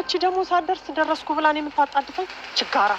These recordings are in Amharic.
እቺ ደግሞ ሳትደርስ ደረስኩ ብላን የምታጣድፈኝ ችጋራ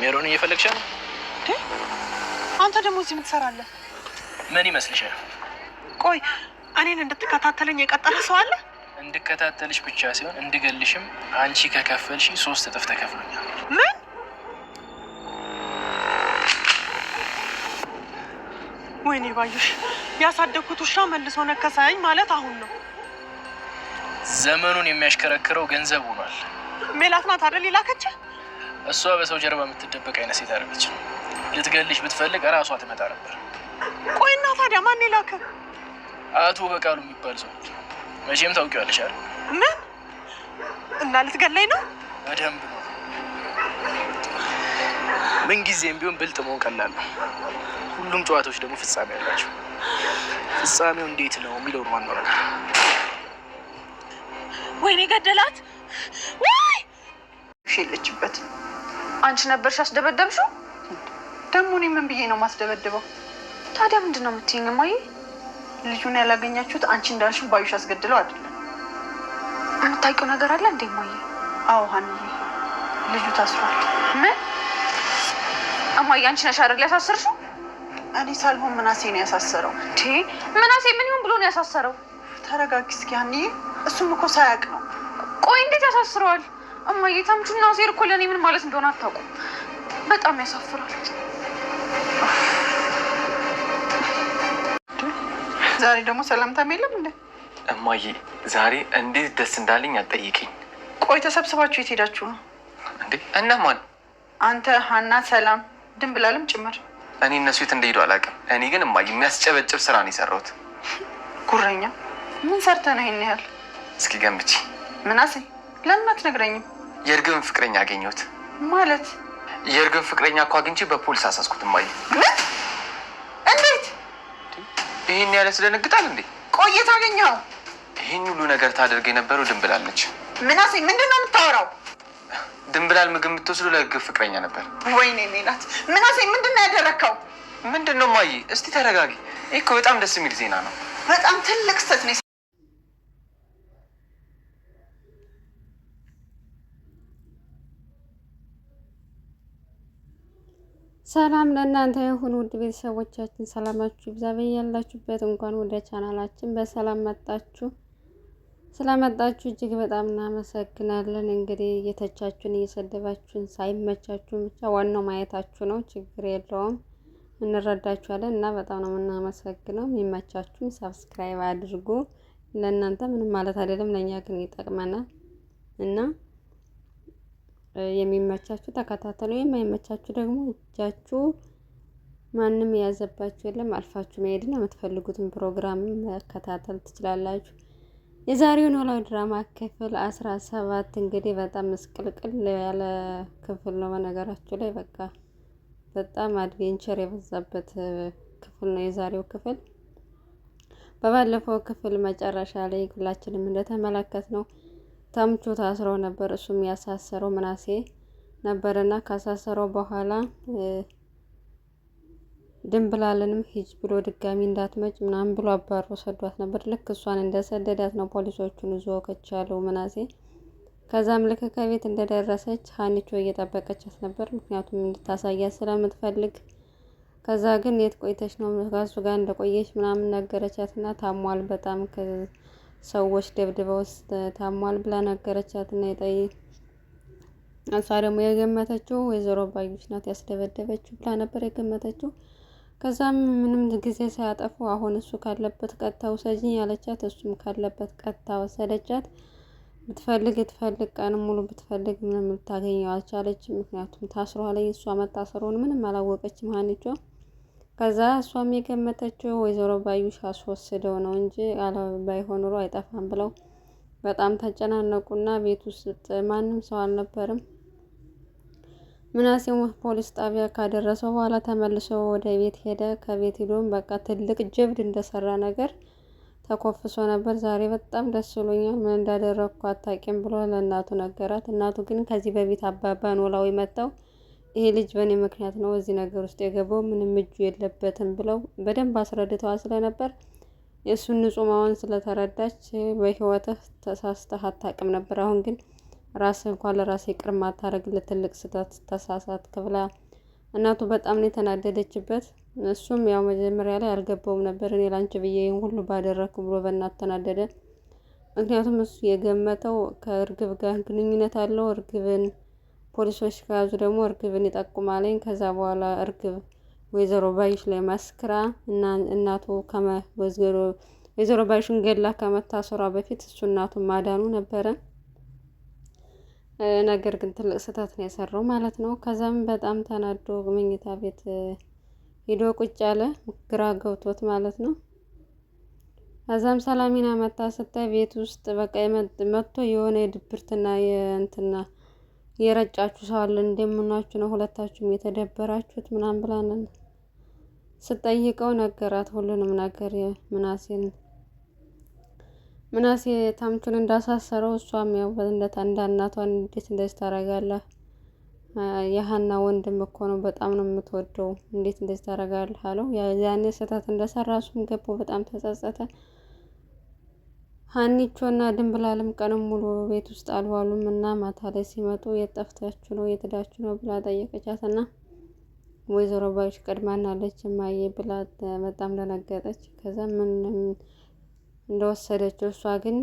ሜሮን እየፈለግሽ ነው። አንተ ደግሞ እዚህ የምትሰራለህ ምን ይመስልሻል? ቆይ እኔን እንድትከታተለኝ የቀጠለ ሰው አለ? እንድከታተልሽ ብቻ ሲሆን እንድገልሽም አንቺ ከከፈልሽ ሶስት እጥፍ ተከፍሎኛል። ምን ወይኔ ባዩሽ፣ ያሳደግኩት ውሻ መልሶ ነከሰኝ ማለት አሁን ነው። ዘመኑን የሚያሽከረክረው ገንዘብ ሆኗል። ሜላት ናት አይደል የላከች? እሷ በሰው ጀርባ የምትደበቅ አይነት ሴት አደረገች። ልትገልሽ ብትፈልግ እራሷ ትመጣ ነበር። ቆይና ታዲያ ማን የላከ? አቶ በቃሉ የሚባል ሰው መቼም ታውቂዋለሽ አይደል? ምን እና ልትገለኝ ነው? በደንብ ነው። ምንጊዜም ቢሆን ብልጥ መሆን ቀላል ነው። ሁሉም ጨዋታዎች ደግሞ ፍጻሜ አላቸው። ፍጻሜው እንዴት ነው የሚለው ነው ዋናው ነገር። ወይኔ ገደላት ወይ የለችበት። አንቺ ነበርሽ አስደበደብሽው። ደግሞ እኔ ምን ብዬ ነው ማስደበድበው? ታዲያ ምንድን ነው የምትይኝ? ማይ ልጁን ያላገኛችሁት አንቺ እንዳልሽው ባዩሽ አስገድለው አይደለም። የምታውቂው ነገር አለ እንዴ ማይ? አዎ ሀኒዬ፣ ልጁ ታስሯል። ምን እማዬ፣ አንቺ ነሽ አይደል ያሳሰርሽው? እኔ ሳልሆን ምናሴ ነው ያሳሰረው። ምናሴ ምን ይሁን ብሎ ነው ያሳሰረው? ተረጋጊ እስኪ ያኔ እሱም እኮ ሳያውቅ ነው። ቆይ እንዴት ያሳስረዋል? እማዬ ተምቹና ሴር እኮ ለእኔ ምን ማለት እንደሆነ አታውቁም። በጣም ያሳፍራል። ዛሬ ደግሞ ሰላምታም የለም እንዴ? እማዬ ዛሬ እንዴት ደስ እንዳለኝ አጠይቅኝ። ቆይ ተሰብስባችሁ የት ሄዳችሁ ነው እንዴ? እና ማን? አንተ፣ ሀና፣ ሰላም ብላለም ጭምር እኔ እነሱ የት እንደሄዱ አላውቅም። እኔ ግን እማዬ የሚያስጨበጭብ ስራ ነው የሰራሁት። ጉረኛ ምን ሰርተ ነው ይህን ያህል? እስኪ ገንብቺ ምናሴ ለምን አትነግረኝም? የእርግብን ፍቅረኛ አገኘሁት። ማለት የእርግብን ፍቅረኛ እኮ አግኝቼ በፖሊስ አሳስኩት። እማዬ እንዴት ይህን ያለ ያስደነግጣል እንዴ? ቆየት አገኘኸው? ይህን ሁሉ ነገር ታደርግ የነበረው ድንብላለች። ምናሴ ምንድን ነው የምታወራው? ድንብላል ምግብ የምትወስዱ ለግብ ፍቅረኛ ነበር። ወይኔ ሜላት ምናሴ፣ ምንድን ነው ያደረግከው? ምንድን ነው ማይ? እስቲ ተረጋጊ። ይህ እኮ በጣም ደስ የሚል ዜና ነው። በጣም ትልቅ ስህተት ነው። ሰላም ለእናንተ ይሁን ውድ ቤተሰቦቻችን፣ ሰላማችሁ ይብዛ በያላችሁበት። እንኳን ወደ ቻናላችን በሰላም መጣችሁ። ስለመጣችሁ እጅግ በጣም እናመሰግናለን። እንግዲህ እየተቻችሁን እየሰደባችሁን ሳይመቻችሁን ብቻ ዋናው ማየታችሁ ነው። ችግር የለውም እንረዳችኋለን እና በጣም ነው የምናመሰግነው። የሚመቻችሁን ሰብስክራይብ አድርጉ። ለእናንተ ምንም ማለት አይደለም፣ ለእኛ ግን ይጠቅመናል እና የሚመቻችሁ ተከታተሉ፣ የማይመቻችሁ ደግሞ እጃችሁ ማንም የያዘባችሁ የለም። አልፋችሁ መሄድን የምትፈልጉትን ፕሮግራም መከታተል ትችላላችሁ። የዛሬው ኖላዊ ድራማ ክፍል አስራ ሰባት እንግዲህ በጣም ምስቅልቅል ያለ ክፍል ነው። በነገራችሁ ላይ በቃ በጣም አድቬንቸር የበዛበት ክፍል ነው የዛሬው ክፍል። በባለፈው ክፍል መጨረሻ ላይ ሁላችንም እንደተመለከት ነው ተምቹ ታስሮ ነበር። እሱም ያሳሰረው ምናሴ እና ካሳሰረው በኋላ ድንብላለንም ሂጅ ብሎ ድጋሚ እንዳትመጭ ምናምን ብሎ አባሮ ሰዷት ነበር። ልክ እሷን እንደሰደዳት ነው ፖሊሶቹን ይዞ ከች ያለው ምናሴ። ከዛም ልክ ከቤት እንደደረሰች ሀኒቾ እየጠበቀቻት ነበር፣ ምክንያቱም እንድታሳያት ስለምትፈልግ። ከዛ ግን የት ቆይተች ነው ከሱ ጋር እንደቆየች ምናምን ነገረቻት እና ታሟል፣ በጣም ሰዎች ደብድበው ታሟል ብላ ነገረቻት እና እሷ ደግሞ የገመተችው ወይዘሮ ባዩች ናት ያስደበደበችው ብላ ነበር የገመተችው። ከዛም ምንም ጊዜ ሳያጠፉ አሁን እሱ ካለበት ቀጥታ ውሰጅኝ ያለቻት፣ እሱም ካለበት ቀጥታ ወሰደቻት። ብትፈልግ ትፈልግ ቀን ሙሉ ብትፈልግ ምንም ልታገኘው አልቻለች። ምክንያቱም ታስሯ ላይ እሷ መታሰሩን ምንም አላወቀችም ሀኒቾ። ከዛ እሷም የገመተችው ወይዘሮ ባዩሽ አስወስደው ነው እንጂ ባይሆን ኑሮ አይጠፋም ብለው በጣም ተጨናነቁና ቤት ውስጥ ማንም ሰው አልነበርም። ምናሴም ፖሊስ ጣቢያ ካደረሰው በኋላ ተመልሶ ወደ ቤት ሄደ። ከቤት ሄዶም በቃ ትልቅ ጀብድ እንደሰራ ነገር ተኮፍሶ ነበር። ዛሬ በጣም ደስ ብሎኛል፣ ምን እንዳደረግኩ አታውቂም ብሎ ለእናቱ ነገራት። እናቱ ግን ከዚህ በፊት አባባ ኖላዊ መጥተው ይሄ ልጅ በእኔ ምክንያት ነው እዚህ ነገር ውስጥ የገባው ምንም እጁ የለበትም ብለው በደንብ አስረድተዋ ስለነበር የእሱን ንጹህ መሆን ስለተረዳች በህይወትህ ተሳስተህ አታውቅም ነበር አሁን ግን ራስ እንኳን ለራሴ ይቅር ማታረግ ለትልቅ ስህተት ተሳሳት ክብላ እናቱ በጣም ነው የተናደደችበት። እሱም ያው መጀመሪያ ላይ አልገባውም ነበር እኔ ላንቺ ብዬ ይህን ሁሉ ባደረግኩ ብሎ በእናት ተናደደ። ምክንያቱም እሱ የገመተው ከእርግብ ጋር ግንኙነት አለው። እርግብን ፖሊሶች ከያዙ ደግሞ እርግብን ይጠቁማለኝ። ከዛ በኋላ እርግብ ወይዘሮ ባይሽ ላይ መስክራ እናቱ እናቱ ወይዘሮ ባይሽን ገላ ከመታሰሯ በፊት እሱ እናቱን ማዳኑ ነበረ። ነገር ግን ትልቅ ስህተት ነው የሰራው ማለት ነው። ከዛም በጣም ተናዶ መኝታ ቤት ሂዶ ቁጭ ያለ ግራ ገብቶት ማለት ነው። ከዛም ሰላሚና መታ ስታይ ቤት ውስጥ በቃ መጥቶ የሆነ የድብርትና የእንትና የረጫችሁ ሰው አለ እንደምናችሁ ነው ሁለታችሁም የተደበራችሁት ምናምን ብላን ስጠይቀው ነገራት ሁሉንም ነገር ምናሴን ምናሴ ታምቹን እንዳሳሰረው እሷም ያው በእንደት እንደ እናቷን እንዴት እንደዚህ ታረጋለህ? የሀና ወንድም እኮ ነው፣ በጣም ነው የምትወደው፣ እንዴት እንደዚህ ታረጋለህ አለው። ያኔ ስህተት እንደሰራ እሱም ገቦ በጣም ተጸጸተ። ሀኒቾና ድንብላልም ቀንም ሙሉ ቤት ውስጥ አልዋሉም እና ማታ ላይ ሲመጡ የጠፍታችሁ ነው የትዳችሁ ነው ብላ ጠየቀቻት እና ወይዘሮ ባዩሽ ቀድማናለች እማዬ ብላ በጣም ደነገጠች። ከዛ ምን እንደወሰደችው እሷ ግን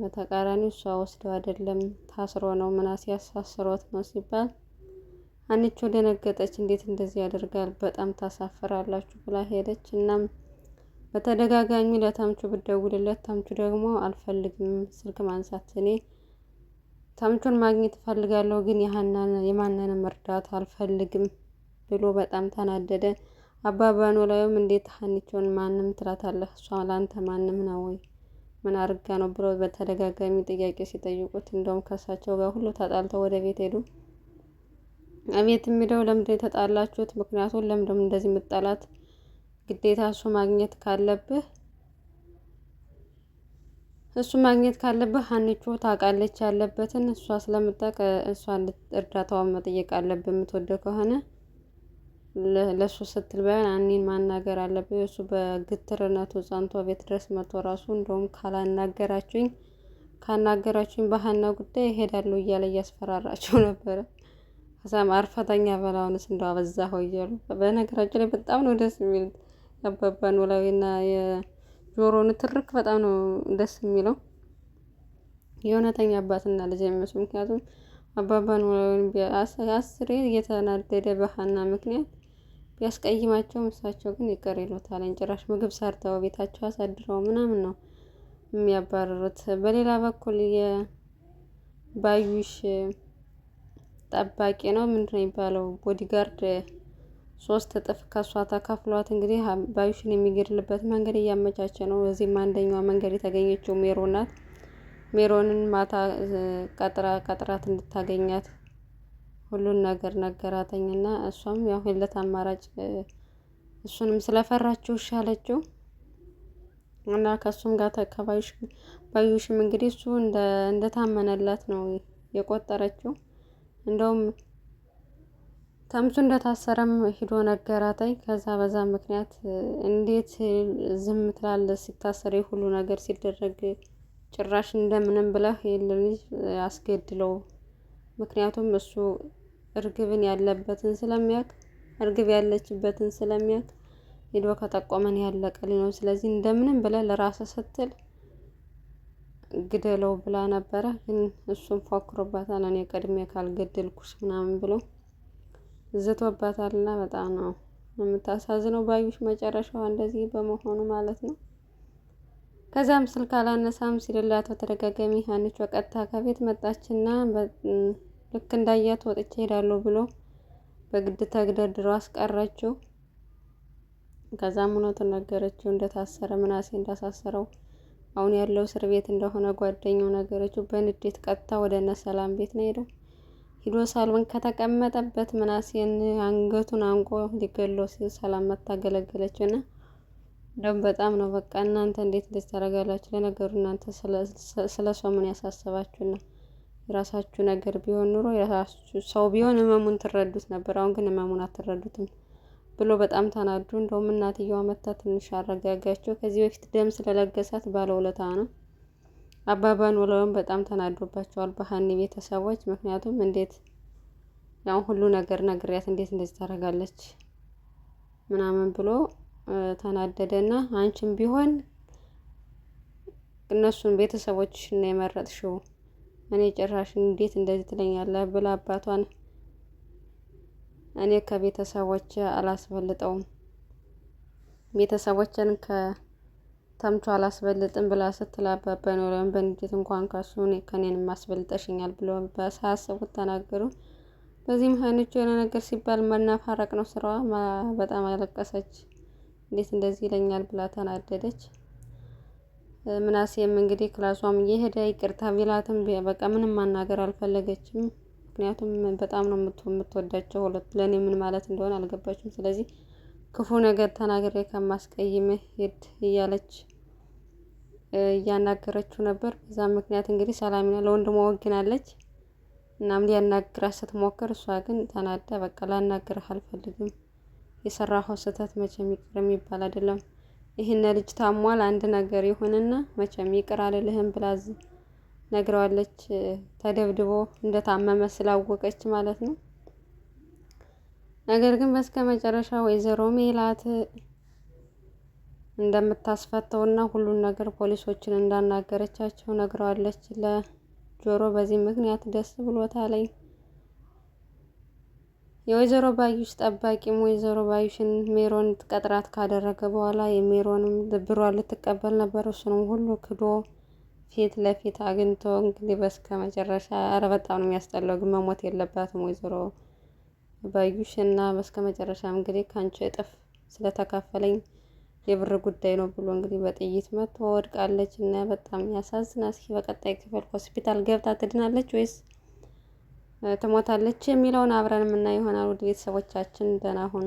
በተቃራኒ እሷ ወስደው አይደለም ታስሮ ነው ምናስ ያሳስሮት ነው ሲባል አንቺ ደነገጠች። እንዴት እንደዚህ ያደርጋል በጣም ታሳፍራላችሁ ብላ ሄደች። እናም በተደጋጋሚ ለታምቹ ብደውልለት ታምቹ ደግሞ አልፈልግም ስልክ ማንሳት እኔ ታምቹን ማግኘት እፈልጋለሁ ግን የማንንም እርዳታ አልፈልግም ብሎ በጣም ተናደደ። አባባ ኖላዊም እንዴት ሀኒቾን ማንም ትላታለህ? እሷ ለአንተ ማንም ነው ወይ? ምን አርጋ ነው ብለው በተደጋጋሚ ጥያቄ ሲጠይቁት እንደውም ከእሳቸው ጋር ሁሉ ተጣልተው ወደ ቤት ሄዱ። አቤት የሚለው ለምንድን የተጣላችሁት? ምክንያቱም ለምንድን እንደዚህ የምጠላት? ግዴታ እሱ ማግኘት ካለብህ እሱ ማግኘት ካለብህ ሀኒቾ ታውቃለች ያለበትን እሷ ስለምጠቅ እሷ እርዳታዋን መጠየቅ አለብህ የምትወደው ከሆነ ለሱ ስትል ባይሆን አኒን ማናገር አለብኝ። እሱ በግትርነቱ ጸንቶ ቤት ድረስ መጥቶ ራሱ እንደውም ካላናገራችሁኝ ካናገራችሁኝ ባህና ጉዳይ እሄዳለሁ እያለ እያስፈራራቸው ነበረ። ከዛም አርፈተኛ በላውንስ እንደ አበዛ ሆይ እያሉ በነገራችን ላይ በጣም ነው ደስ የሚል የሚሉት አባባ ኖላዊና የጆሮ ንትርክ በጣም ነው ደስ የሚለው የእውነተኛ አባትና ልጅ የሚመስሉ ምክንያቱም አባባ ኖላዊን አስሬ እየተናደደ በሀና ምክንያት ቢያስቀይማቸውም እሳቸው ግን ይቅር ይሉታል። እንጭራሽ ምግብ ሰርተው ቤታቸው አሳድረው ምናምን ነው የሚያባረሩት። በሌላ በኩል የባዩሽ ጠባቂ ነው ምንድን ነው የሚባለው ቦዲጋርድ ሶስት እጥፍ ከሷ ተከፍሏት እንግዲህ ባዩሽን የሚገድልበት መንገድ እያመቻቸ ነው። እዚህም አንደኛዋ መንገድ የተገኘችው ሜሮ ናት። ሜሮንን ማታ ቀጥራ ቀጥራት እንድታገኛት ሁሉን ነገር ነገራተኝ እና እሷም ያው ህለት አማራጭ እሱንም ስለፈራችሁ ሻለችው እና ከእሱም ጋር ተከባዩሽ ባዩሽም እንግዲህ እሱ እንደታመነላት ነው የቆጠረችው። እንደውም ተምቹ እንደታሰረም ሂዶ ነገራተኝ። ከዛ በዛ ምክንያት እንዴት ዝም ትላለ ሲታሰር ሁሉ ነገር ሲደረግ ጭራሽ እንደምንም ብለህ የልጅ አስገድለው ምክንያቱም እሱ እርግብን ያለበትን ስለሚያውቅ እርግብ ያለችበትን ስለሚያውቅ ሄዶ ከጠቆመን ያለቀ ነው። ስለዚህ እንደምንም ብለህ ለራስህ ስትል ግደለው ብላ ነበረ። ግን እሱም ፎክሮባታል። እኔ ቀድሜ ካልገደልኩሽ ምናምን ብሎ ዝቶባታልና በጣም ነው የምታሳዝነው ባዩሽ መጨረሻዋ እንደዚህ በመሆኑ ማለት ነው። ከዛም ስልክ አላነሳም ሲልላት በተደጋጋሚ ሀንች ቀጥታ ከቤት መጣችና ልክ እንዳያት ወጥቼ ሄዳለሁ ብሎ በግድ ተግደድሮ አስቀረችው። ከዛም እውነቱን ነገረችው፣ እንደታሰረ ምናሴ እንዳሳሰረው አሁን ያለው እስር ቤት እንደሆነ ጓደኛው ነገረችው። በንዴት ቀጥታ ወደ እነ ሰላም ቤት ነው ሄደው ሂዶ ሳሎን ከተቀመጠበት ምናሴን አንገቱን አንቆ ሊገለው ሲል ሰላም መታገለገለችው እና እንደውም በጣም ነው በቃ እናንተ እንዴት እንደዚህ ታደርጋላችሁ? ለነገሩ እናንተ ስለ ሰው ምን ያሳሰባችሁ ነው? የራሳችሁ ነገር ቢሆን ኑሮ የራሳችሁ ሰው ቢሆን ህመሙን ትረዱት ነበር። አሁን ግን ህመሙን አትረዱትም ብሎ በጣም ተናዱ። እንደውም እናትየዋ መታ ትንሽ አረጋጋቸው። ከዚህ በፊት ደም ስለለገሳት ባለውለታ ነው። አባባን ውለውን በጣም ተናዶባቸዋል በሀኒ ቤተሰቦች። ምክንያቱም እንዴት ያው ሁሉ ነገር ነግሪያት እንዴት እንደዚህ ታደርጋለች ምናምን ብሎ ተናደደ እና አንቺም ቢሆን እነሱን ቤተሰቦችሽን የመረጥሽው እኔ ጭራሽ እንዴት እንደዚህ ትለኛለህ ብላ አባቷን እኔ ከቤተሰቦች አላስበልጠውም ቤተሰቦችን ከተምቹ አላስበልጥም ብላ ስትላባበ አባባ ኖረን በንዴት እንኳን ካሱ ከኔን ማስበልጠሽኛል ብሎ በሳያስቡት ተናገሩ። በዚህም ሀይኖቹ የሆነ ነገር ሲባል መናፋረቅ ነው ስራዋ። በጣም አለቀሰች። እንዴት እንደዚህ ይለኛል ብላ ተናደደች። ምናሴም እንግዲህ ክላሷም እየሄደ ይቅርታ ቢላትም በቃ ምንም ማናገር አልፈለገችም። ምክንያቱም በጣም ነው የምትወዳቸው ሁለቱ። ለእኔ ምን ማለት እንደሆነ አልገባችም። ስለዚህ ክፉ ነገር ተናግሬ ከማስቀይም ሂድ እያለች እያናገረችው ነበር። በዛ ምክንያት እንግዲህ ሰላሚና ለወንድሟ ወግናለች። እናም ሊያናግራት ስትሞክር እሷ ግን ተናዳ በቃ ላናግርህ አልፈልግም፣ የሰራኸው ስህተት መቼም ይቅር የሚባል አይደለም ይህን ልጅ ታሟል፣ አንድ ነገር ይሁንና መቼም ይቅር አልልህም ብላ ነግረዋለች። ተደብድቦ እንደታመመ ስላወቀች ማለት ነው። ነገር ግን በስከ መጨረሻ ወይዘሮ ሜላት እንደምታስፈተውና ሁሉን ነገር ፖሊሶችን እንዳናገረቻቸው ነግረዋለች። ለጆሮ በዚህ ምክንያት ደስ ብሎታለኝ። የወይዘሮ ባዩሽ ጠባቂም ወይዘሮ ባዩሽን ሜሮን ቀጥራት ካደረገ በኋላ የሜሮንም ብሯን ልትቀበል ነበር። እሱንም ሁሉ ክዶ ፊት ለፊት አግኝቶ እንግዲህ በስከ መጨረሻ ኧረ በጣም ነው የሚያስጠላው፣ ግን መሞት የለባትም ወይዘሮ ባዩሽ እና በስከ መጨረሻ እንግዲህ ከአንቺ እጥፍ ስለተካፈለኝ የብር ጉዳይ ነው ብሎ እንግዲህ በጥይት መቶ ወድቃለች እና በጣም ያሳዝና። እስኪ በቀጣይ ክፍል ሆስፒታል ገብታ ትድናለች ወይስ ትሞታለች የሚለውን አብረን የምናየው ይሆናል። ውድ ቤተሰቦቻችን ደህና ሁኑ።